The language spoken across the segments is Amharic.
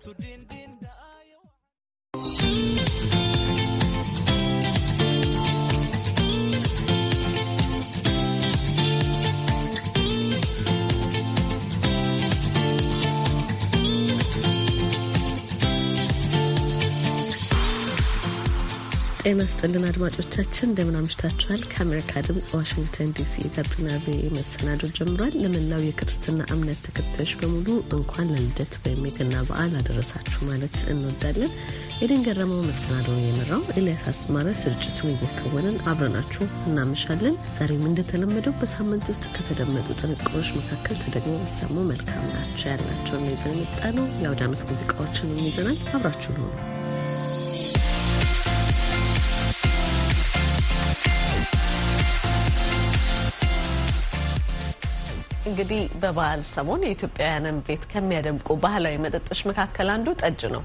to din din ጤና ስጥልን አድማጮቻችን እንደምን አምሽታችኋል። ከአሜሪካ ድምጽ ዋሽንግተን ዲሲ የጋቢና ቪኦኤ መሰናዶ ጀምሯል። ለመላው የክርስትና እምነት ተከታዮች በሙሉ እንኳን ለልደት ወይም የገና በዓል አደረሳችሁ ማለት እንወዳለን። የደን ገረመው መሰናዶውን የመራው ኤልያስ አስማረ፣ ስርጭቱን እየከወንን አብረናችሁ እናመሻለን። ዛሬም እንደተለመደው በሳምንት ውስጥ ከተደመጡ ጥንቅሮች መካከል ተደግሞ ቢሰሙ መልካም ናቸው ያልናቸውን ይዘን የመጣነው የአውደ ዓመት ሙዚቃዎችን ይዘናል። አብራችሁ ነው እንግዲህ በበዓል ሰሞን የኢትዮጵያውያንን ቤት ከሚያደምቁ ባህላዊ መጠጦች መካከል አንዱ ጠጅ ነው።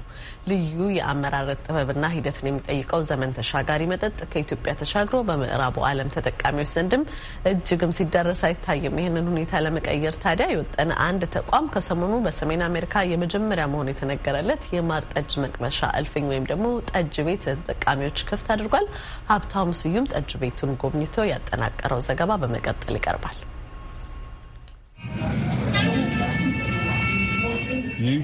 ልዩ የአመራረት ጥበብና ሂደትን የሚጠይቀው ዘመን ተሻጋሪ መጠጥ ከኢትዮጵያ ተሻግሮ በምዕራቡ ዓለም ተጠቃሚዎች ዘንድም እጅግም ሲደረስ አይታይም። ይህንን ሁኔታ ለመቀየር ታዲያ የወጠነ አንድ ተቋም ከሰሞኑ በሰሜን አሜሪካ የመጀመሪያ መሆኑ የተነገረለት የማር ጠጅ መቅመሻ እልፍኝ ወይም ደግሞ ጠጅ ቤት ለተጠቃሚዎች ክፍት አድርጓል። ሀብታሙ ስዩም ጠጅ ቤቱን ጎብኝቶ ያጠናቀረው ዘገባ በመቀጠል ይቀርባል። ይህ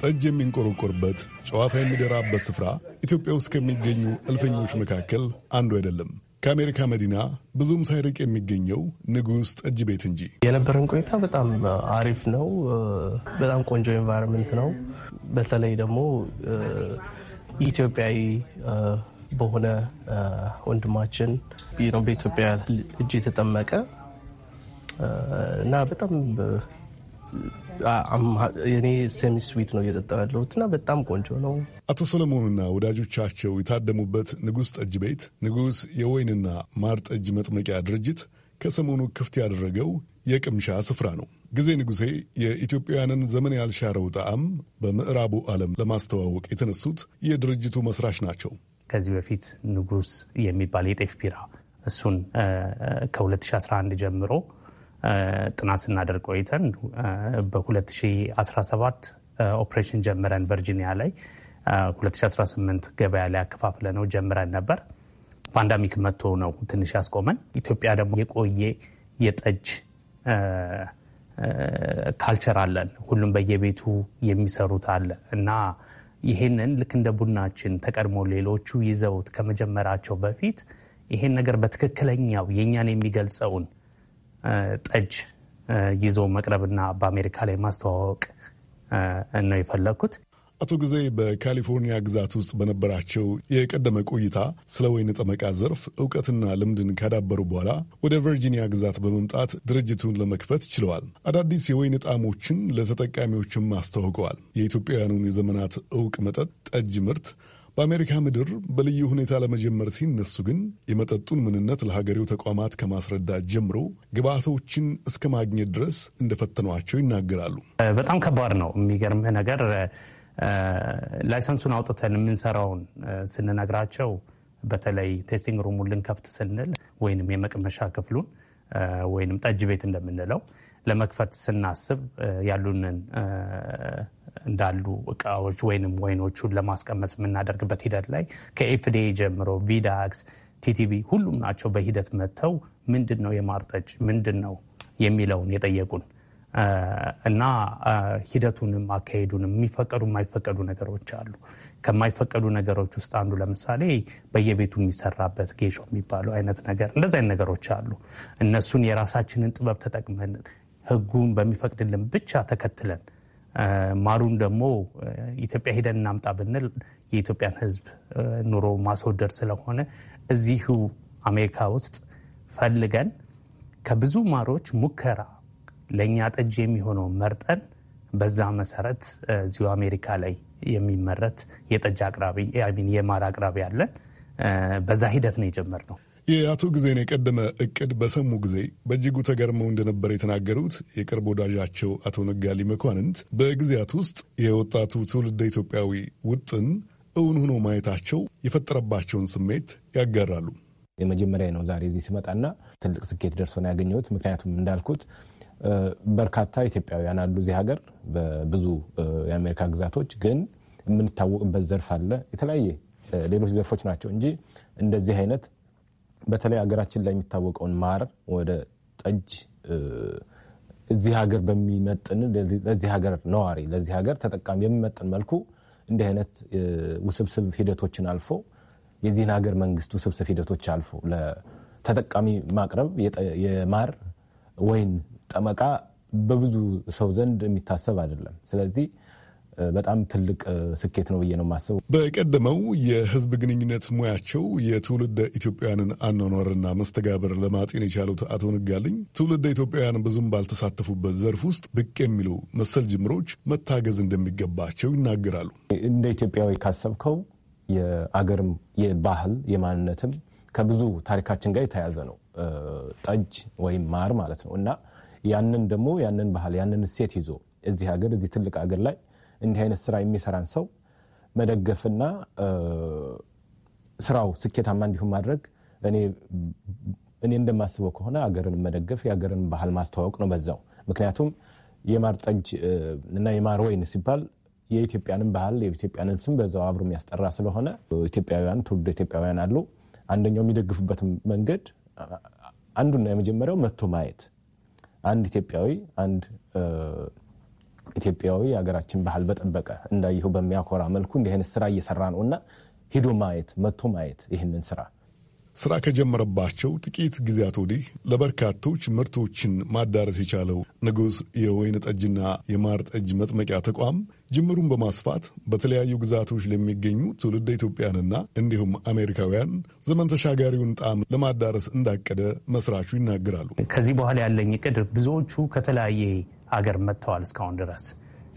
ጠጅ የሚንቆረቆርበት ጨዋታ የሚደራበት ስፍራ ኢትዮጵያ ውስጥ ከሚገኙ እልፈኞች መካከል አንዱ አይደለም። ከአሜሪካ መዲና ብዙም ሳይርቅ የሚገኘው ንጉሥ ጠጅ ቤት እንጂ። የነበረን ቆይታ በጣም አሪፍ ነው። በጣም ቆንጆ ኤንቫይሮንመንት ነው። በተለይ ደግሞ ኢትዮጵያዊ በሆነ ወንድማችን በኢትዮጵያ እጅ የተጠመቀ እና በጣም እኔ ሴሚ ስዊት ነው እየጠጣሁ ያለሁት እና በጣም ቆንጆ ነው። አቶ ሰለሞንና ወዳጆቻቸው የታደሙበት ንጉሥ ጠጅ ቤት ንጉሥ የወይንና ማር ጠጅ መጥመቂያ ድርጅት ከሰሞኑ ክፍት ያደረገው የቅምሻ ስፍራ ነው። ጊዜ ንጉሴ የኢትዮጵያውያንን ዘመን ያልሻረው ጣዕም በምዕራቡ ዓለም ለማስተዋወቅ የተነሱት የድርጅቱ መስራች ናቸው። ከዚህ በፊት ንጉሥ የሚባል የጤፍ ቢራ እሱን ከ2011 ጀምሮ ጥናት ስናደርግ ቆይተን በ2017 ኦፕሬሽን ጀምረን ቨርጂኒያ ላይ 2018 ገበያ ላይ አከፋፍለ ነው ጀምረን ነበር። ፓንዳሚክ መጥቶ ነው ትንሽ ያስቆመን። ኢትዮጵያ ደግሞ የቆየ የጠጅ ካልቸር አለን። ሁሉም በየቤቱ የሚሰሩት አለ እና ይሄንን ልክ እንደ ቡናችን ተቀድሞ ሌሎቹ ይዘውት ከመጀመራቸው በፊት ይሄን ነገር በትክክለኛው የእኛን የሚገልጸውን ጠጅ ይዞ መቅረብና በአሜሪካ ላይ ማስተዋወቅ ነው የፈለግኩት። አቶ ጊዜ በካሊፎርኒያ ግዛት ውስጥ በነበራቸው የቀደመ ቆይታ ስለ ወይን ጠመቃ ዘርፍ እውቀትና ልምድን ካዳበሩ በኋላ ወደ ቨርጂኒያ ግዛት በመምጣት ድርጅቱን ለመክፈት ችለዋል። አዳዲስ የወይን ጣዕሞችን ለተጠቃሚዎችም አስተዋውቀዋል። የኢትዮጵያውያኑን የዘመናት እውቅ መጠጥ ጠጅ ምርት በአሜሪካ ምድር በልዩ ሁኔታ ለመጀመር ሲነሱ ግን የመጠጡን ምንነት ለሀገሬው ተቋማት ከማስረዳት ጀምሮ ግብዓቶችን እስከ ማግኘት ድረስ እንደፈተኗቸው ይናገራሉ። በጣም ከባድ ነው። የሚገርም ነገር ላይሰንሱን አውጥተን የምንሰራውን ስንነግራቸው በተለይ ቴስቲንግ ሩሙን ልንከፍት ስንል ወይንም የመቅመሻ ክፍሉን ወይንም ጠጅ ቤት እንደምንለው ለመክፈት ስናስብ ያሉንን እንዳሉ እቃዎች ወይንም ወይኖቹን ለማስቀመስ የምናደርግበት ሂደት ላይ ከኤፍዲኤ ጀምሮ ቪዳክስ፣ ቲቲቪ ሁሉም ናቸው በሂደት መጥተው ምንድን ነው የማርጠጭ ምንድን ነው የሚለውን የጠየቁን እና ሂደቱንም አካሄዱንም የሚፈቀዱ የማይፈቀዱ ነገሮች አሉ። ከማይፈቀዱ ነገሮች ውስጥ አንዱ ለምሳሌ በየቤቱ የሚሰራበት ጌሾ የሚባለው አይነት ነገር እንደዚ አይነት ነገሮች አሉ። እነሱን የራሳችንን ጥበብ ተጠቅመን ህጉን በሚፈቅድልን ብቻ ተከትለን ማሩን ደግሞ ኢትዮጵያ ሄደን እናምጣ ብንል የኢትዮጵያን ሕዝብ ኑሮ ማስወደድ ስለሆነ እዚሁ አሜሪካ ውስጥ ፈልገን ከብዙ ማሮች ሙከራ ለእኛ ጠጅ የሚሆነው መርጠን በዛ መሰረት እዚሁ አሜሪካ ላይ የሚመረት የጠጅ አቅራቢ የማር አቅራቢ አለን። በዛ ሂደት ነው የጀመርነው። የአቶ ጊዜን የቀደመ እቅድ በሰሙ ጊዜ በእጅጉ ተገርመው እንደነበር የተናገሩት የቅርብ ወዳጃቸው አቶ ነጋሊ መኳንንት በጊዜያት ውስጥ የወጣቱ ትውልደ ኢትዮጵያዊ ውጥን እውን ሆኖ ማየታቸው የፈጠረባቸውን ስሜት ያጋራሉ። የመጀመሪያ ነው ዛሬ እዚህ ስመጣና ትልቅ ስኬት ደርሶ ነው ያገኘሁት። ምክንያቱም እንዳልኩት በርካታ ኢትዮጵያውያን አሉ እዚህ ሀገር በብዙ የአሜሪካ ግዛቶች፣ ግን የምንታወቅበት ዘርፍ አለ የተለያየ ሌሎች ዘርፎች ናቸው እንጂ እንደዚህ አይነት በተለይ ሀገራችን ላይ የሚታወቀውን ማር ወደ ጠጅ እዚህ ሀገር በሚመጥን ለዚህ ሀገር ነዋሪ ለዚህ ሀገር ተጠቃሚ በሚመጥን መልኩ እንዲህ አይነት ውስብስብ ሂደቶችን አልፎ የዚህን ሀገር መንግስት ውስብስብ ሂደቶች አልፎ ለተጠቃሚ ማቅረብ የማር ወይን ጠመቃ በብዙ ሰው ዘንድ የሚታሰብ አይደለም። ስለዚህ በጣም ትልቅ ስኬት ነው ብዬ ነው የማስበው። በቀደመው የህዝብ ግንኙነት ሙያቸው የትውልደ ኢትዮጵያውያንን አኗኗርና መስተጋብር ለማጤን የቻሉት አቶ ንጋልኝ ትውልደ ኢትዮጵያውያን ብዙም ባልተሳተፉበት ዘርፍ ውስጥ ብቅ የሚሉ መሰል ጅምሮች መታገዝ እንደሚገባቸው ይናገራሉ። እንደ ኢትዮጵያዊ ካሰብከው የአገርም የባህል የማንነትም ከብዙ ታሪካችን ጋር የተያዘ ነው ጠጅ ወይም ማር ማለት ነው እና ያንን ደግሞ ያንን ባህል ያንን እሴት ይዞ እዚህ ሀገር እዚህ ትልቅ ሀገር ላይ እንዲህ አይነት ስራ የሚሰራን ሰው መደገፍና ስራው ስኬታማ እንዲሁም ማድረግ እኔ እኔ እንደማስበው ከሆነ አገርን መደገፍ የአገርን ባህል ማስተዋወቅ ነው በዛው። ምክንያቱም የማር ጠጅ እና የማር ወይን ሲባል የኢትዮጵያንን ባህል የኢትዮጵያንን ስም በዛው አብሮ የሚያስጠራ ስለሆነ ኢትዮጵያውያን ትውልድ ኢትዮጵያውያን አሉ። አንደኛው የሚደግፉበት መንገድ አንዱና የመጀመሪያው መጥቶ ማየት አንድ ኢትዮጵያዊ አንድ ኢትዮጵያዊ የሀገራችን ባህል በጠበቀ እንዳየሁ በሚያኮራ መልኩ እንዲህ አይነት ስራ እየሰራ ነው እና ሄዶ ማየት መጥቶ ማየት ይህንን ስራ ስራ ከጀመረባቸው ጥቂት ጊዜያት ወዲህ ለበርካቶች ምርቶችን ማዳረስ የቻለው ንጉሥ የወይን ጠጅና የማር ጠጅ መጥመቂያ ተቋም ጅምሩን በማስፋት በተለያዩ ግዛቶች ለሚገኙ ትውልደ ኢትዮጵያንና እንዲሁም አሜሪካውያን ዘመን ተሻጋሪውን ጣዕም ለማዳረስ እንዳቀደ መስራቹ ይናገራሉ። ከዚህ በኋላ ያለኝ እቅድ ብዙዎቹ ከተለያየ ሀገር መጥተዋል። እስካሁን ድረስ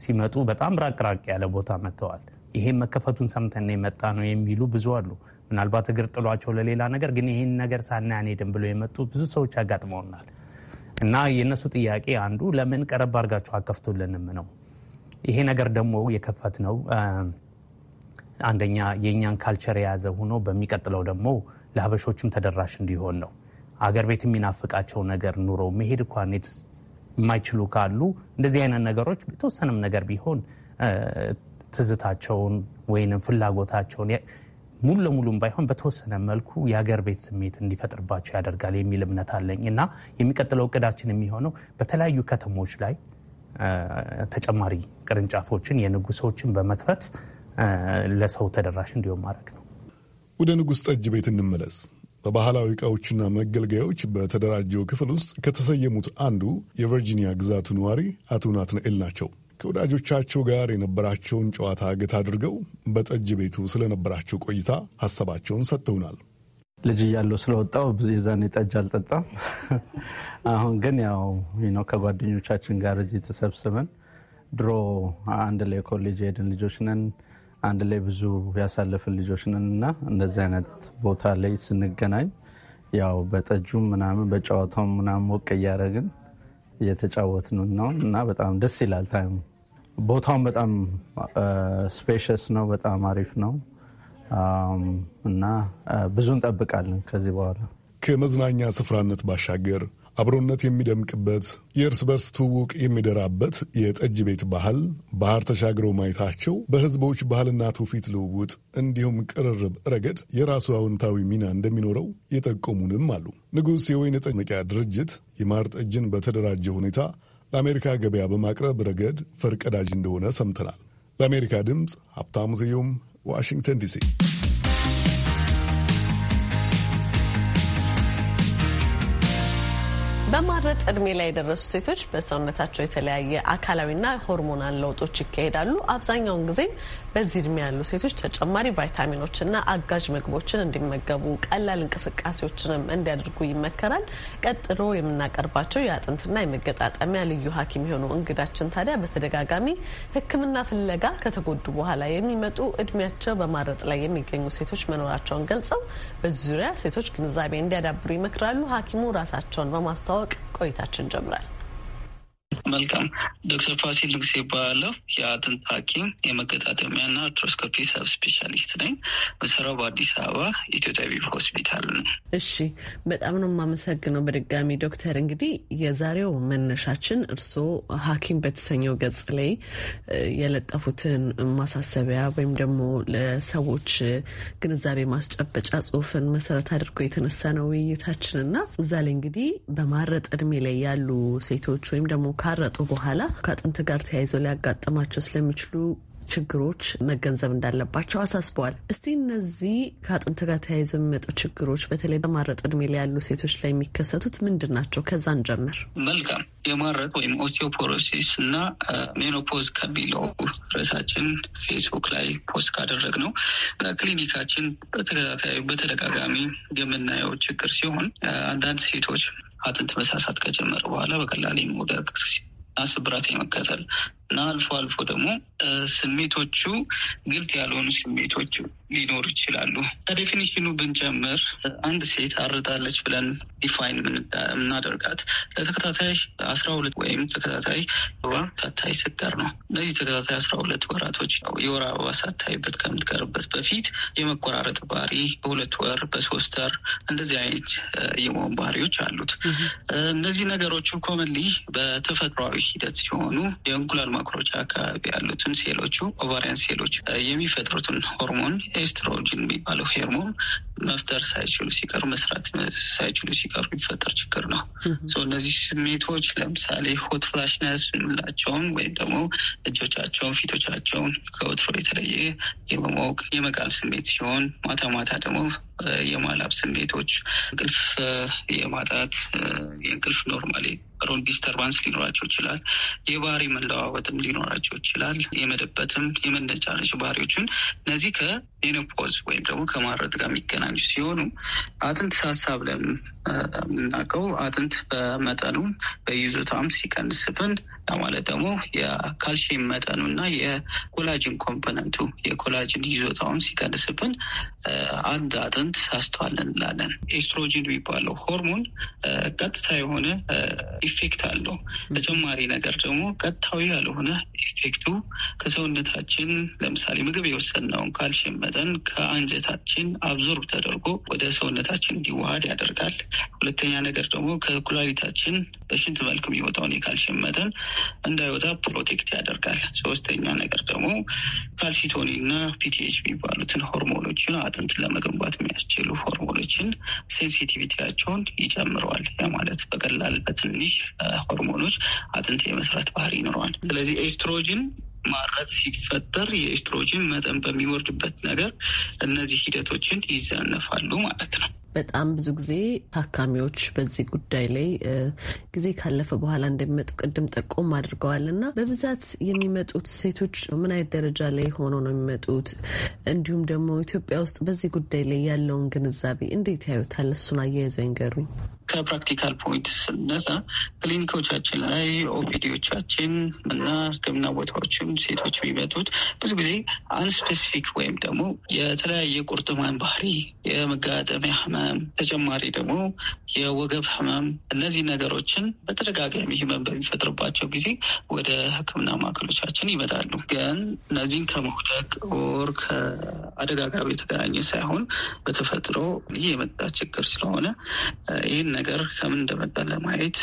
ሲመጡ በጣም ራቅ ራቅ ያለ ቦታ መጥተዋል። ይሄን መከፈቱን ሰምተን የመጣ ነው የሚሉ ብዙ አሉ። ምናልባት እግር ጥሏቸው ለሌላ ነገር ግን ይህን ነገር ሳናይ አንሄድም የመጡ ብዙ ሰዎች አጋጥመውናል። እና የእነሱ ጥያቄ አንዱ ለምን ቀረብ አድርጋችሁ አከፍቱልንም ነው። ይሄ ነገር ደግሞ የከፈት ነው አንደኛ የእኛን ካልቸር የያዘ ሆኖ በሚቀጥለው ደግሞ ለሀበሾችም ተደራሽ እንዲሆን ነው። አገር ቤት የሚናፍቃቸው ነገር ኑሮ መሄድ እንኳን የማይችሉ ካሉ እንደዚህ አይነት ነገሮች የተወሰነም ነገር ቢሆን ትዝታቸውን ወይንም ፍላጎታቸውን ሙሉ ለሙሉም ባይሆን በተወሰነ መልኩ የሀገር ቤት ስሜት እንዲፈጥርባቸው ያደርጋል የሚል እምነት አለኝ እና የሚቀጥለው እቅዳችን የሚሆነው በተለያዩ ከተሞች ላይ ተጨማሪ ቅርንጫፎችን የንጉሶችን በመክፈት ለሰው ተደራሽ እንዲሆን ማድረግ ነው። ወደ ንጉሥ ጠጅ ቤት እንመለስ። በባህላዊ እቃዎችና መገልገያዎች በተደራጀው ክፍል ውስጥ ከተሰየሙት አንዱ የቨርጂኒያ ግዛቱ ነዋሪ አቶ ናትናኤል ናቸው። ከወዳጆቻቸው ጋር የነበራቸውን ጨዋታ ገት አድርገው በጠጅ ቤቱ ስለነበራቸው ቆይታ ሀሳባቸውን ሰጥተውናል። ልጅ እያለሁ ብዙ የዛኔ ጠጅ አልጠጣም። አሁን ግን ያው ከጓደኞቻችን ጋር እዚህ ተሰብስበን ድሮ አንድ ላይ ኮሌጅ ሄድን ልጆች ነን። አንድ ላይ ብዙ ያሳለፍን ልጆች ነን እና እንደዚህ አይነት ቦታ ላይ ስንገናኝ ያው በጠጁም ምናምን በጨዋታው ምናምን ሞቅ እያደረግን እየተጫወትን ነው እና በጣም ደስ ይላል። ታይሙ ቦታውን በጣም ስፔሸስ ነው፣ በጣም አሪፍ ነው እና ብዙ እንጠብቃለን ከዚህ በኋላ ከመዝናኛ ስፍራነት ባሻገር አብሮነት የሚደምቅበት የእርስ በርስ ትውውቅ የሚደራበት የጠጅ ቤት ባህል ባህር ተሻግረው ማየታቸው በህዝቦች ባህልና ትውፊት ልውውጥ እንዲሁም ቅርርብ ረገድ የራሱ አዎንታዊ ሚና እንደሚኖረው የጠቆሙንም አሉ። ንጉሥ የወይን ጠጅ መቂያ ድርጅት የማር ጠጅን በተደራጀ ሁኔታ ለአሜሪካ ገበያ በማቅረብ ረገድ ፈርቀዳጅ እንደሆነ ሰምተናል። ለአሜሪካ ድምፅ ሀብታሙ ስዩም ዋሽንግተን ዲሲ በማረጥ እድሜ ላይ የደረሱ ሴቶች በሰውነታቸው የተለያየ አካላዊና ሆርሞናል ለውጦች ይካሄዳሉ። አብዛኛውን ጊዜ በዚህ እድሜ ያሉ ሴቶች ተጨማሪ ቫይታሚኖችና አጋዥ ምግቦችን እንዲመገቡ፣ ቀላል እንቅስቃሴዎችንም እንዲያደርጉ ይመከራል። ቀጥሎ የምናቀርባቸው የአጥንትና የመገጣጠሚያ ልዩ ሐኪም የሆኑ እንግዳችን ታዲያ በተደጋጋሚ ሕክምና ፍለጋ ከተጎዱ በኋላ የሚመጡ እድሜያቸው በማረጥ ላይ የሚገኙ ሴቶች መኖራቸውን ገልጸው በዙሪያ ሴቶች ግንዛቤ እንዲያዳብሩ ይመክራሉ። ሐኪሙ ራሳቸውን በማስተዋወቅ ማወቅ ቆይታችን ጀምራል። መልካም ዶክተር ፋሲል ንጉሴ ይባላለሁ። የአጥንት ሐኪም የመገጣጠሚያና አርትሮስኮፒ ሰብ ስፔሻሊስት ነኝ። መሰራው በአዲስ አበባ ኢትዮጵያ ቢብ ሆስፒታል ነው። እሺ፣ በጣም ነው የማመሰግነው በድጋሚ ዶክተር። እንግዲህ የዛሬው መነሻችን እርስዎ ሐኪም በተሰኘው ገጽ ላይ የለጠፉትን ማሳሰቢያ ወይም ደግሞ ለሰዎች ግንዛቤ ማስጨበጫ ጽሁፍን መሰረት አድርጎ የተነሳ ነው ውይይታችን እና እዛ ላይ እንግዲህ በማረጥ እድሜ ላይ ያሉ ሴቶች ወይም ደግሞ ካረጡ በኋላ ከአጥንት ጋር ተያይዘው ሊያጋጥማቸው ስለሚችሉ ችግሮች መገንዘብ እንዳለባቸው አሳስበዋል። እስቲ እነዚህ ከአጥንት ጋር ተያይዘው የሚመጡ ችግሮች በተለይ በማረጥ እድሜ ላይ ያሉ ሴቶች ላይ የሚከሰቱት ምንድን ናቸው? ከዛን ጀምር። መልካም። የማረጥ ወይም ኦስቲዮፖሮሲስ እና ሜኖፖዝ ከሚለው ርዕሳችን ፌስቡክ ላይ ፖስት ካደረግ ነው በክሊኒካችን በተከታታይ በተደጋጋሚ የምናየው ችግር ሲሆን አንዳንድ ሴቶች አጥንት መሳሳት ከጀመረ በኋላ በቀላል የመውደቅ ስብራት የመከተል እና አልፎ አልፎ ደግሞ ስሜቶቹ ግልጽ ያልሆኑ ስሜቶቹ ሊኖሩ ይችላሉ። ከዴፊኒሽኑ ብንጀምር አንድ ሴት አርጣለች ብለን ዲፋይን የምናደርጋት ለተከታታይ አስራ ሁለት ወይም ተከታታይ ወራ ሳታይ ስትቀር ነው። እነዚህ ተከታታይ አስራ ሁለት ወራቶች የወር አበባ ሳታይበት ከምትቀርበት በፊት የመቆራረጥ ባህሪ በሁለት ወር፣ በሶስት ወር እንደዚህ አይነት የመሆን ባህሪዎች አሉት። እነዚህ ነገሮቹ ኮመንሊ በተፈጥሯዊ ሂደት ሲሆኑ የእንቁላል መቁረጫ አካባቢ ያሉትን ሴሎቹ ኦቫሪያን ሴሎች የሚፈጥሩትን ሆርሞን ኤስትሮጂን የሚባለው ሄርሞን መፍጠር ሳይችሉ ሲቀር መስራት ሳይችሉ ሲቀሩ የሚፈጠር ችግር ነው። እነዚህ ስሜቶች ለምሳሌ ሆት ፍላሽነስ የምንላቸውን ወይም ደግሞ እጆቻቸውን፣ ፊቶቻቸውን ከወትሮ የተለየ የመሞቅ የመቃል ስሜት ሲሆን ማታ ማታ ደግሞ የማላብ ስሜቶች፣ እንቅልፍ የማጣት የእንቅልፍ ኖርማሊ ሮል ዲስተርባንስ ሊኖራቸው ይችላል። የባህሪ መለዋወጥም ሊኖራቸው ይችላል። የመደበትም የመነጫነጭ ባህሪዎችን እነዚህ ከሜኖፖዝ ወይም ደግሞ ከማረጥ ጋር የሚገናኙ ሲሆኑ አጥንት ሀሳብ ላይ የምናውቀው አጥንት በመጠኑ በይዞታም ሲቀንስብን ማለት ደግሞ የካልሽየም መጠኑ እና የኮላጅን ኮምፖነንቱ የኮላጅን ይዞታውም ሲቀንስብን አንድ አጥንት ሆርሞን ተሳስተዋል እንላለን። ኤስትሮጂን የሚባለው ሆርሞን ቀጥታ የሆነ ኢፌክት አለው። ተጨማሪ ነገር ደግሞ ቀጥታዊ ያልሆነ ኢፌክቱ ከሰውነታችን ለምሳሌ ምግብ የወሰድነውን ካልሽየም መጠን ከአንጀታችን አብዞርብ ተደርጎ ወደ ሰውነታችን እንዲዋሃድ ያደርጋል። ሁለተኛ ነገር ደግሞ ከኩላሊታችን በሽንት መልክ የሚወጣውን የካልሽየም መጠን እንዳይወጣ ፕሮቴክት ያደርጋል። ሶስተኛ ነገር ደግሞ ካልሲቶኒ እና ፒቲኤች የሚባሉትን ሆርሞኖችን አጥንት ለመገንባት የሚያስችሉ ሆርሞኖችን ሴንሲቲቪቲያቸውን ይጨምረዋል። ያ ማለት በቀላል በትንሽ ሆርሞኖች አጥንት የመስራት ባህሪ ይኖረዋል። ስለዚህ ኤስትሮጅን ማረት ሲፈጠር የኤስትሮጂን መጠን በሚወርድበት ነገር እነዚህ ሂደቶችን ይዛነፋሉ ማለት ነው። በጣም ብዙ ጊዜ ታካሚዎች በዚህ ጉዳይ ላይ ጊዜ ካለፈ በኋላ እንደሚመጡ ቅድም ጠቆም አድርገዋል እና በብዛት የሚመጡት ሴቶች ምን አይነት ደረጃ ላይ ሆኖ ነው የሚመጡት? እንዲሁም ደግሞ ኢትዮጵያ ውስጥ በዚህ ጉዳይ ላይ ያለውን ግንዛቤ እንዴት ያዩታል? እሱን አያይዘው ይንገሩኝ። ከፕራክቲካል ፖይንት ስነሳ ክሊኒኮቻችን ላይ ኦፒዲዎቻችን እና ሕክምና ቦታዎችም ሴቶች የሚመጡት ብዙ ጊዜ አንስፔሲፊክ ወይም ደግሞ የተለያየ ቁርጥማን ባህሪ፣ የመጋጠሚያ ህመም፣ ተጨማሪ ደግሞ የወገብ ህመም እነዚህ ነገሮችን በተደጋጋሚ ህመም በሚፈጥርባቸው ጊዜ ወደ ሕክምና ማዕከሎቻችን ይመጣሉ። ግን እነዚህን ከመውደቅ ወር ከአደጋ ጋር የተገናኘ ሳይሆን በተፈጥሮ ይህ የመጣ ችግር ስለሆነ ይህን ነገር ከምን እንደመጣ ለማየት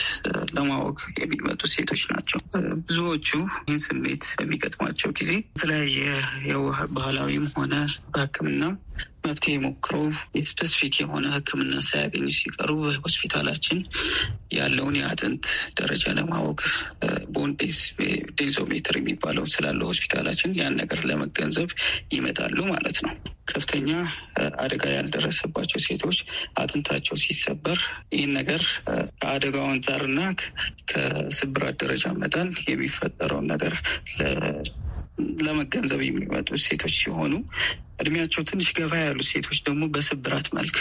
ለማወቅ የሚመጡ ሴቶች ናቸው። ብዙዎቹ ይህን ስሜት በሚገጥማቸው ጊዜ የተለያየ የባህላዊም ሆነ በሕክምና መፍትሄ ሞክሮ ስፔሲፊክ የሆነ ሕክምና ሳያገኙ ሲቀሩ በሆስፒታላችን ያለውን የአጥንት ደረጃ ለማወቅ ቦን ዴንሶሜትር የሚባለው ስላለው ሆስፒታላችን ያን ነገር ለመገንዘብ ይመጣሉ ማለት ነው። ከፍተኛ አደጋ ያልደረሰባቸው ሴቶች አጥንታቸው ሲሰበር ይህን ነገር ከአደጋው አንጻርና ከስብራት ደረጃ መጠን የሚፈጠረውን ነገር ለመገንዘብ የሚመጡ ሴቶች ሲሆኑ እድሜያቸው ትንሽ ገፋ ያሉ ሴቶች ደግሞ በስብራት መልክ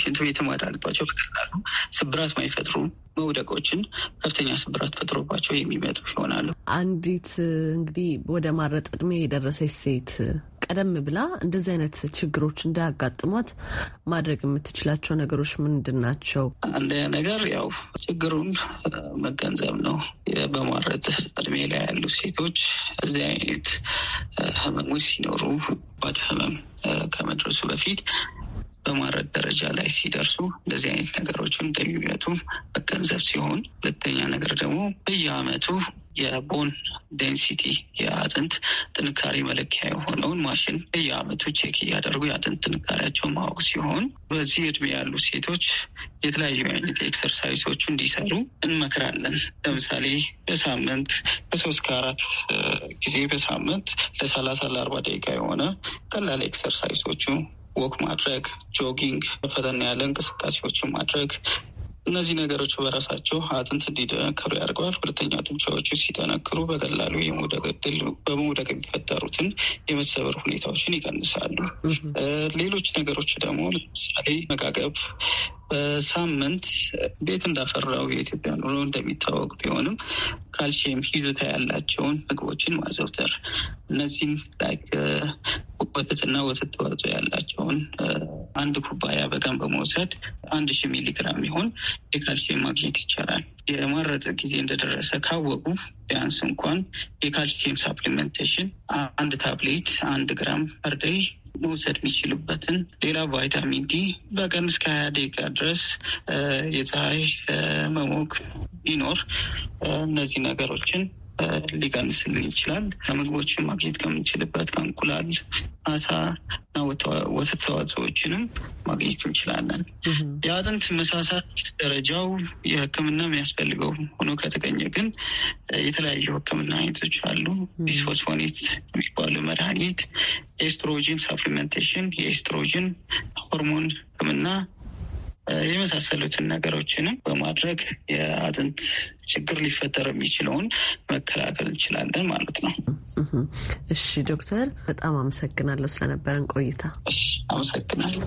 ሽንት ቤት ማዳልባቸው በቀላሉ ስብራት ማይፈጥሩ መውደቆችን ከፍተኛ ስብራት ፈጥሮባቸው የሚመጡ ይሆናሉ። አንዲት እንግዲህ ወደ ማረጥ እድሜ የደረሰች ሴት ቀደም ብላ እንደዚህ አይነት ችግሮች እንዳያጋጥሟት ማድረግ የምትችላቸው ነገሮች ምንድን ናቸው? አንድ ነገር ያው ችግሩን መገንዘብ ነው። በማረጥ እድሜ ላይ ያሉ ሴቶች እዚህ አይነት ህመሞች ሲኖሩ ባድ ህመም ከመድረሱ በፊት በማድረግ ደረጃ ላይ ሲደርሱ እንደዚህ አይነት ነገሮችን ገቢነቱ መገንዘብ ሲሆን፣ ሁለተኛ ነገር ደግሞ በየአመቱ የቦን ዴንሲቲ የአጥንት ጥንካሬ መለኪያ የሆነውን ማሽን በየአመቱ ቼክ እያደረጉ የአጥንት ጥንካሬያቸውን ማወቅ ሲሆን በዚህ እድሜ ያሉ ሴቶች የተለያዩ አይነት ኤክሰርሳይሶቹ እንዲሰሩ እንመክራለን። ለምሳሌ በሳምንት ከሶስት ከአራት ጊዜ በሳምንት ለሰላሳ ለአርባ ደቂቃ የሆነ ቀላል ኤክሰርሳይሶቹ ወክ ማድረግ፣ ጆጊንግ፣ ፈተና ያለ እንቅስቃሴዎችን ማድረግ እነዚህ ነገሮች በራሳቸው አጥንት እንዲጠነክሩ ያደርገዋል። ሁለተኛ ጡንቻዎቹ ሲጠነክሩ በቀላሉ የመውደቅ በመውደቅ የሚፈጠሩትን የመሰበር ሁኔታዎችን ይቀንሳሉ። ሌሎች ነገሮች ደግሞ ለምሳሌ መጋገብ በሳምንት ቤት እንዳፈራው የኢትዮጵያ ኑሮ እንደሚታወቅ ቢሆንም ካልሽየም ይዞታ ያላቸውን ምግቦችን ማዘውተር እነዚህም ወተትና ወተት ተዋጽኦ ያላቸውን አንድ ኩባያ በቀን በመውሰድ አንድ ሺህ ሚሊግራም ይሆን የካልሽየም ማግኘት ይቻላል። የማረጥ ጊዜ እንደደረሰ ካወቁ ቢያንስ እንኳን የካልሽየም ሳፕሊመንቴሽን አንድ ታብሌት አንድ ግራም ፐርደይ መውሰድ የሚችሉበትን ሌላ ቫይታሚን ዲ በቀን እስከ ሀያ ደቂቃ ድረስ የፀሐይ መሞቅ ቢኖር እነዚህ ነገሮችን ሊቀንስልን ይችላል። ከምግቦችን ማግኘት ከምንችልበት ከእንቁላል፣ አሳ እና ወተት ተዋጽኦችንም ማግኘት እንችላለን። የአጥንት መሳሳት ደረጃው የሕክምና የሚያስፈልገው ሆኖ ከተገኘ ግን የተለያዩ ሕክምና አይነቶች አሉ። ቢስፎስፎኔት የሚባሉ መድኃኒት፣ ኤስትሮጂን ሳፕሊመንቴሽን፣ የኤስትሮጂን ሆርሞን ሕክምና የመሳሰሉትን ነገሮችንም በማድረግ የአጥንት ችግር ሊፈጠር የሚችለውን መከላከል እንችላለን ማለት ነው። እሺ ዶክተር፣ በጣም አመሰግናለሁ ስለነበረን ቆይታ። አመሰግናለሁ።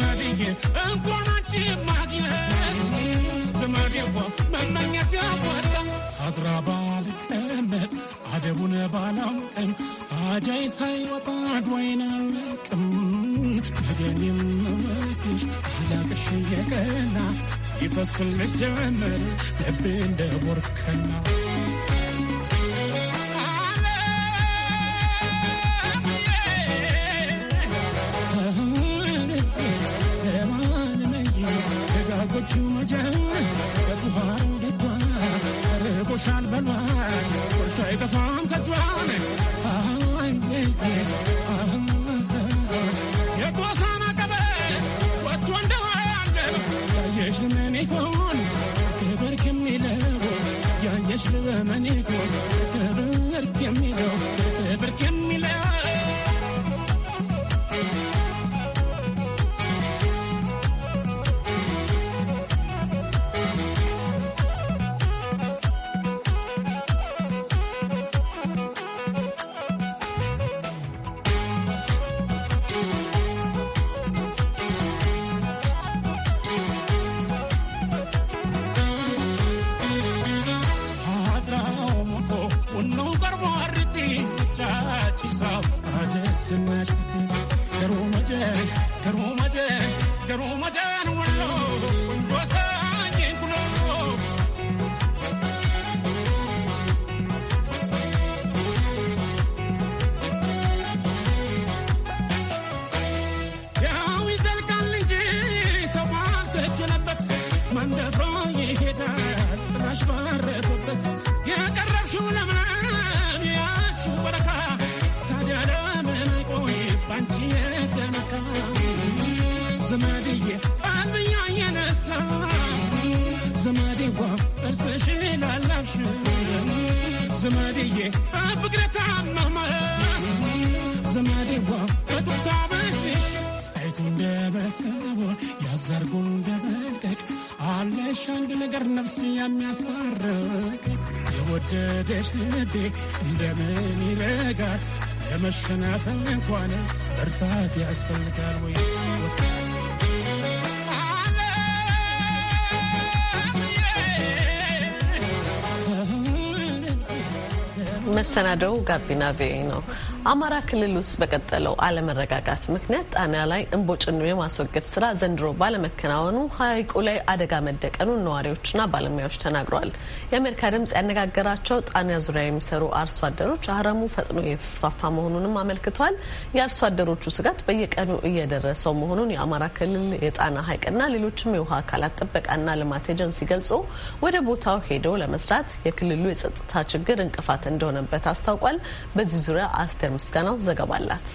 ዘመድዬ እንኳን አንቺን ማግኘት ዘመዴ እኮ መመኘት ያወጣ አድራ ባልቀመጥ አደቡን ባላውቅም ሳይወጣ አድዋይን አልቅም ያለችው መጀን ከቁሃሩ ደቷ ርቆሻል በሏ ቆርሻ ዘመዴዬ ፍቅረ ታመመ ዘመዴዋ በጦታ በሽ አይቱ እንደበሰቦ ያዘርጉ እንደመልቀቅ አለሽ አንድ ነገር ነፍስ የሚያስታርቅ የወደደሽ ልቤ እንደምን ይረጋል ለመሸነፍ እንኳን ብርታት ያስፈልጋል ወይ መሰናደው ጋቢና ቪኦኤ ነው። አማራ ክልል ውስጥ በቀጠለው አለመረጋጋት ምክንያት ጣና ላይ እንቦጭን የማስወገድ ስራ ዘንድሮ ባለመከናወኑ ሀይቁ ላይ አደጋ መደቀኑን ነዋሪዎችና ባለሙያዎች ተናግረዋል። የአሜሪካ ድምጽ ያነጋገራቸው ጣና ዙሪያ የሚሰሩ አርሶ አደሮች አረሙ ፈጥኖ እየተስፋፋ መሆኑንም አመልክተዋል። የአርሶ አደሮቹ ስጋት በየቀኑ እየደረሰው መሆኑን የአማራ ክልል የጣና ሐይቅና ሌሎችም የውሃ አካላት ጥበቃና ልማት ኤጀንሲ ገልጾ ወደ ቦታው ሄደው ለመስራት የክልሉ የጸጥታ ችግር እንቅፋት እንደሆነበት አስታውቋል። በዚህ ዙሪያ አስቴር ምስጋናው ዘገባ አላት።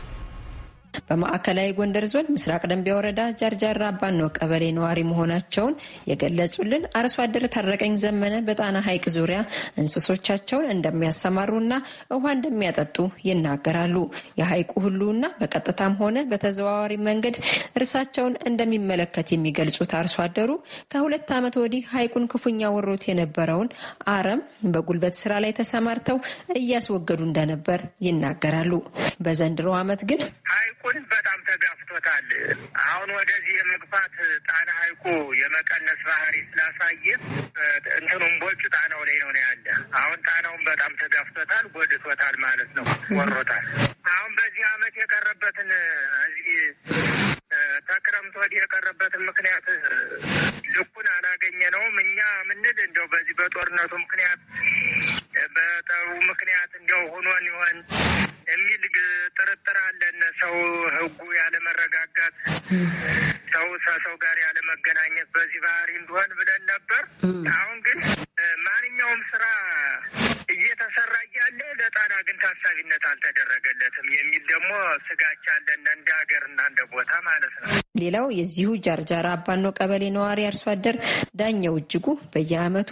በማዕከላዊ ጎንደር ዞን ምስራቅ ደንቢያ ወረዳ ጃርጃራ አባኖ ቀበሌ ነዋሪ መሆናቸውን የገለጹልን አርሶ አደር ታረቀኝ ዘመነ በጣና ሐይቅ ዙሪያ እንስሶቻቸውን እንደሚያሰማሩና ውሃ እንደሚያጠጡ ይናገራሉ። የሐይቁ ሁሉና በቀጥታም ሆነ በተዘዋዋሪ መንገድ እርሳቸውን እንደሚመለከት የሚገልጹት አርሶ አደሩ ከሁለት ዓመት ወዲህ ሐይቁን ክፉኛ ወሮት የነበረውን አረም በጉልበት ስራ ላይ ተሰማርተው እያስወገዱ እንደነበር ይናገራሉ። በዘንድሮ ዓመት ግን ሐይቁን በጣም ተጋፍቶታል። አሁን ወደዚህ የመግፋት ጣና ሀይቁ የመቀነስ ባህሪ ስላሳየ እንትኑም ቦጭ ጣናው ላይ ነው ያለ። አሁን ጣናውን በጣም ተጋፍቶታል፣ ጎድቶታል ማለት ነው፣ ወሮታል። አሁን በዚህ አመት የቀረበትን እዚህ ተክረምት ወዲህ የቀረበትን ምክንያት ልኩን አላገኘ ነውም። እኛ ምንል እንደው በዚህ በጦርነቱ ምክንያት የዚሁ ጃርጃራ አባኖ ቀበሌ ነዋሪ አርሶ አደር ዳኛው እጅጉ በየዓመቱ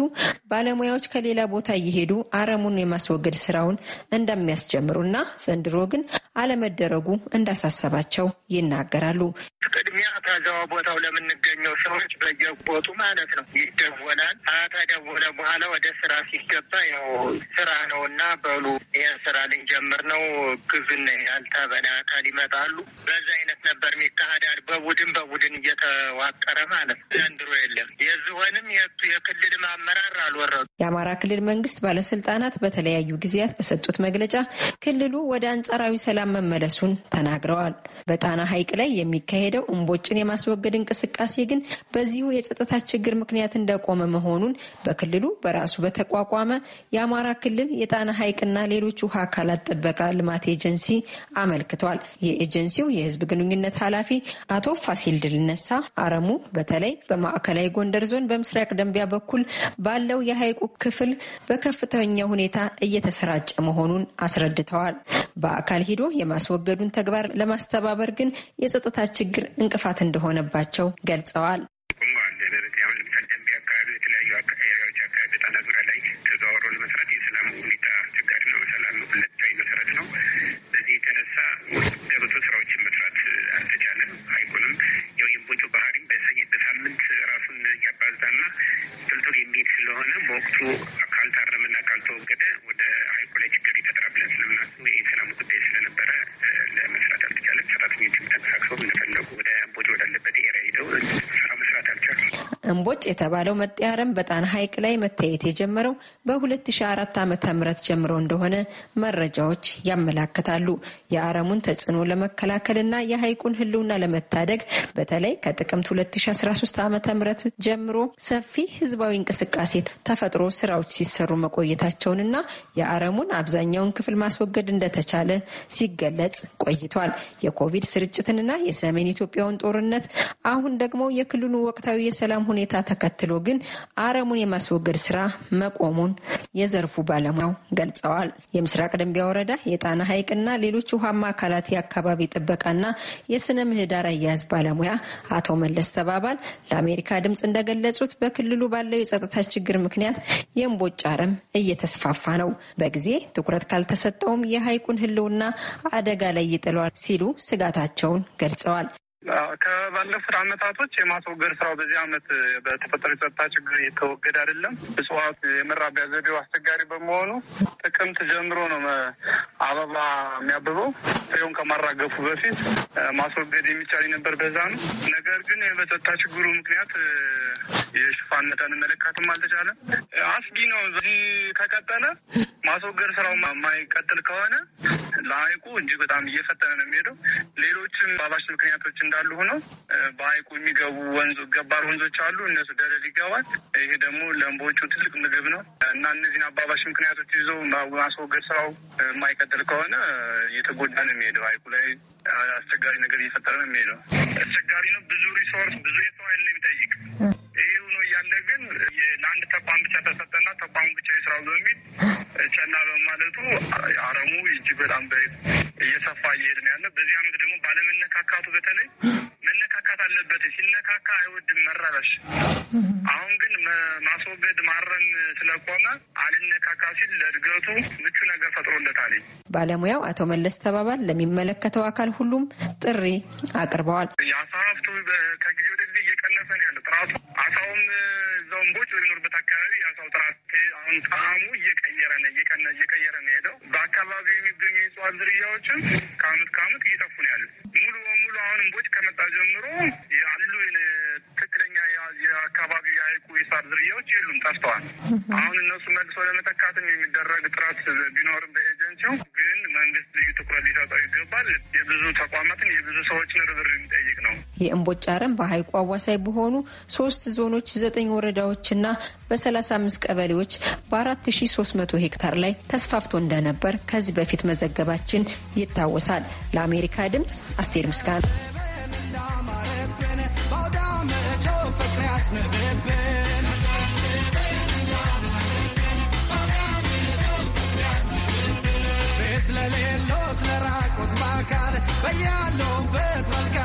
ባለሙያዎች ከሌላ ቦታ እየሄዱ አረሙን የማስወገድ ስራውን እንደሚያስጀምሩና ዘንድሮ ግን አለመደረጉ እንዳሳሰባቸው ይናገራሉ። ቅድሚያ ከዛው ቦታው ለምንገኘው ሰዎች በየቦቱ ማለት ነው ይደወላል። ከተደወለ በኋላ ወደ ስራ ሲገባ ያው ስራ ነው እና በሉ ይህን ስራ ልንጀምር ነው ግዙና ያልተበላ አካል ይመጣሉ። በዛ አይነት ነበር የሚካሄዳል። በቡድን በቡድን እየተዋቀረ ማለት ዘንድሮ የለም። የዝሆንም የክልልም አመራር አሉ አልወረዱ። የአማራ ክልል መንግስት ባለስልጣናት በተለያዩ ጊዜያት በሰጡት መግለጫ ክልሉ ወደ አንጻራዊ ሰላም መመለሱን ተናግረዋል። በጣና ሐይቅ ላይ የሚካሄደው እምቦጭን የማስወገድ እንቅስቃሴ ግን በዚሁ የጸጥታ ችግር ምክንያት እንደቆመ መሆኑን በክልሉ በራሱ በተቋቋመ የአማራ ክልል የጣና ሐይቅና ሌሎች ውሃ አካላት ጥበቃ ልማት ኤጀንሲ አመልክቷል። የኤጀንሲው የህዝብ ግንኙነት ኃላፊ አቶ ፋሲል ድልነሳ አረሙ በተለይ በማዕከላዊ ጎንደር ዞን በምስራቅ ደንቢያ በኩል ባለው የሐይቁ ክፍል በከፍተኛ ሁኔታ እየተሰራጨ መሆኑን አስረድተዋል። በአካል ሂዶ የማስወገዱን ተግባር ለማስተባበር ግን የጸጥታ ችግር እንቅፋት እንደሆነባቸው ገልጸዋል። እምቦጭ የተባለው መጤ አረም በጣና ሐይቅ ላይ መታየት የጀመረው በ2004 ም ጀምሮ እንደሆነ መረጃዎች ያመላክታሉ። የአረሙን ተጽዕኖ ለመከላከልና የሐይቁን ሕልውና ለመታደግ በተለይ ከጥቅምት 2013 ም ጀምሮ ሰፊ ህዝባዊ እንቅስቃሴ ተፈጥሮ ስራዎች ሲሰሩ መቆየታቸውንና የአረሙን አብዛኛውን ክፍል ማስወገድ እንደተቻለ ሲገለጽ ቆይቷል። የኮቪድ ስርጭትንና የሰሜን ኢትዮጵያውን ጦርነት አሁን ደግሞ የክልሉ ወቅታዊ የሰላም ሁኔታ ተከትሎ ግን አረሙን የማስወገድ ስራ መቆሙን የዘርፉ ባለሙያው ገልጸዋል። የምስራቅ ደንቢያ ወረዳ የጣና ሐይቅና ሌሎች ውሃማ አካላት የአካባቢ ጥበቃና የስነ ምህዳር አያያዝ ባለሙያ አቶ መለስ ተባባል ለአሜሪካ ድምጽ እንደገለጹት በክልሉ ባለው የጸጥታ ችግር ምክንያት የእምቦጭ አረም እየተስፋፋ ነው። በጊዜ ትኩረት ካልተሰጠውም የሐይቁን ህልውና አደጋ ላይ ይጥለዋል ሲሉ ስጋታቸውን ገልጸዋል። ከባለፉት አመታቶች የማስወገድ ስራው በዚህ አመት በተፈጠሩ የጸጥታ ችግር የተወገደ አይደለም። እጽዋት የመራቢያ ዘዴው አስቸጋሪ በመሆኑ ጥቅምት ጀምሮ ነው አበባ የሚያብበው። ፍሬውን ከማራገፉ በፊት ማስወገድ የሚቻል ነበር በዛ ነው። ነገር ግን በጸጥታ ችግሩ ምክንያት የሽፋን መጠን መለካትም አልተቻለም። አስጊ ነው። ከቀጠለ ማስወገድ ስራው የማይቀጥል ከሆነ ለሀይቁ እጅግ በጣም እየፈጠነ ነው የሚሄደው። ሌሎችም ባባሽ ምክንያቶች እንዳሉ ሆኖ በሀይቁ የሚገቡ ወንዙ ገባር ወንዞች አሉ። እነሱ ደለል ይገባል። ይሄ ደግሞ ለእምቦቹ ትልቅ ምግብ ነው እና እነዚህን አባባሽ ምክንያቶች ይዞ ማስወገድ ስራው የማይቀጥል ከሆነ እየተጎዳ ነው የሚሄደው። ሀይቁ ላይ አስቸጋሪ ነገር እየፈጠረ ነው የሚሄደው። አስቸጋሪ ነው። ብዙ ሪሶርስ ብዙ የሰው ኃይል ነው የሚጠይቅ ይህ ሆኖ እያለ ግን ለአንድ ተቋም ብቻ ተሰጠና ተቋሙ ብቻ ይስራው በሚል ቸና በማለቱ አረሙ እጅግ በጣም እየሰፋ እየሄድ ነው ያለ። በዚህ አመት ደግሞ ባለመነካካቱ በተለይ መነካካት አለበት ሲነካካ አይወድም መረረሽ። አሁን ግን ማስወገድ ማረም ስለቆመ አልነካካ ሲል ለእድገቱ ምቹ ነገር ፈጥሮለታል። ባለሙያው አቶ መለስ ተባባል ለሚመለከተው አካል ሁሉም ጥሪ አቅርበዋል። የአሳ ሀብቱ ከጊዜ ዶምቦች ወይም ኑርበት አካባቢ የአሳው ጥራት አሁን ጣዕሙ እየቀየረ ነው እየቀየረ ነው ሄደው በአካባቢው የሚገኙ የእጽዋት ዝርያዎችን ከአመት ከአመት እየጠፉ ነው ያሉ ሙሉ በሙሉ አሁን እንቦጭ ከመጣ ጀምሮ ያሉ ትክክለኛ የአካባቢ የሀይቁ የሳር ዝርያዎች የሉም፣ ጠፍተዋል። አሁን እነሱ መልሶ ለመተካትም የሚደረግ ጥረት ቢኖርም በኤጀንሲው ግን መንግስት ልዩ ትኩረት ሊሰጠው ይገባል። የብዙ ተቋማትን የብዙ ሰዎችን ርብር የሚጠይቅ ነው። የእንቦጭ አረም በሀይቁ አዋሳይ በሆኑ ሶስት ዞኖች ዘጠኝ ወረዳዎችና በሰላሳ አምስት ቀበሌዎች በ4300 ሄክታር ላይ ተስፋፍቶ እንደነበር ከዚህ በፊት መዘገባችን ይታወሳል። ለአሜሪካ ድምፅ አስቴር ምስጋና። But yeah,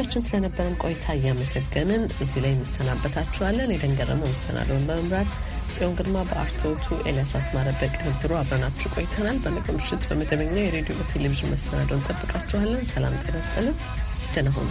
እንግዶቻችን ስለነበረን ቆይታ እያመሰገንን እዚህ ላይ እንሰናበታችኋለን። የደንገረመ መሰናዶውን በመምራት ጽዮን ግርማ፣ በአርቶቱ ኤልያስ አስማረ፣ በቅንብሩ አብረናችሁ ቆይተናል። በነገ ምሽት በመደበኛ የሬዲዮ በቴሌቪዥን መሰናዶ እንጠብቃችኋለን። ሰላም ጤና ስጠልን። ደህና ሁኑ።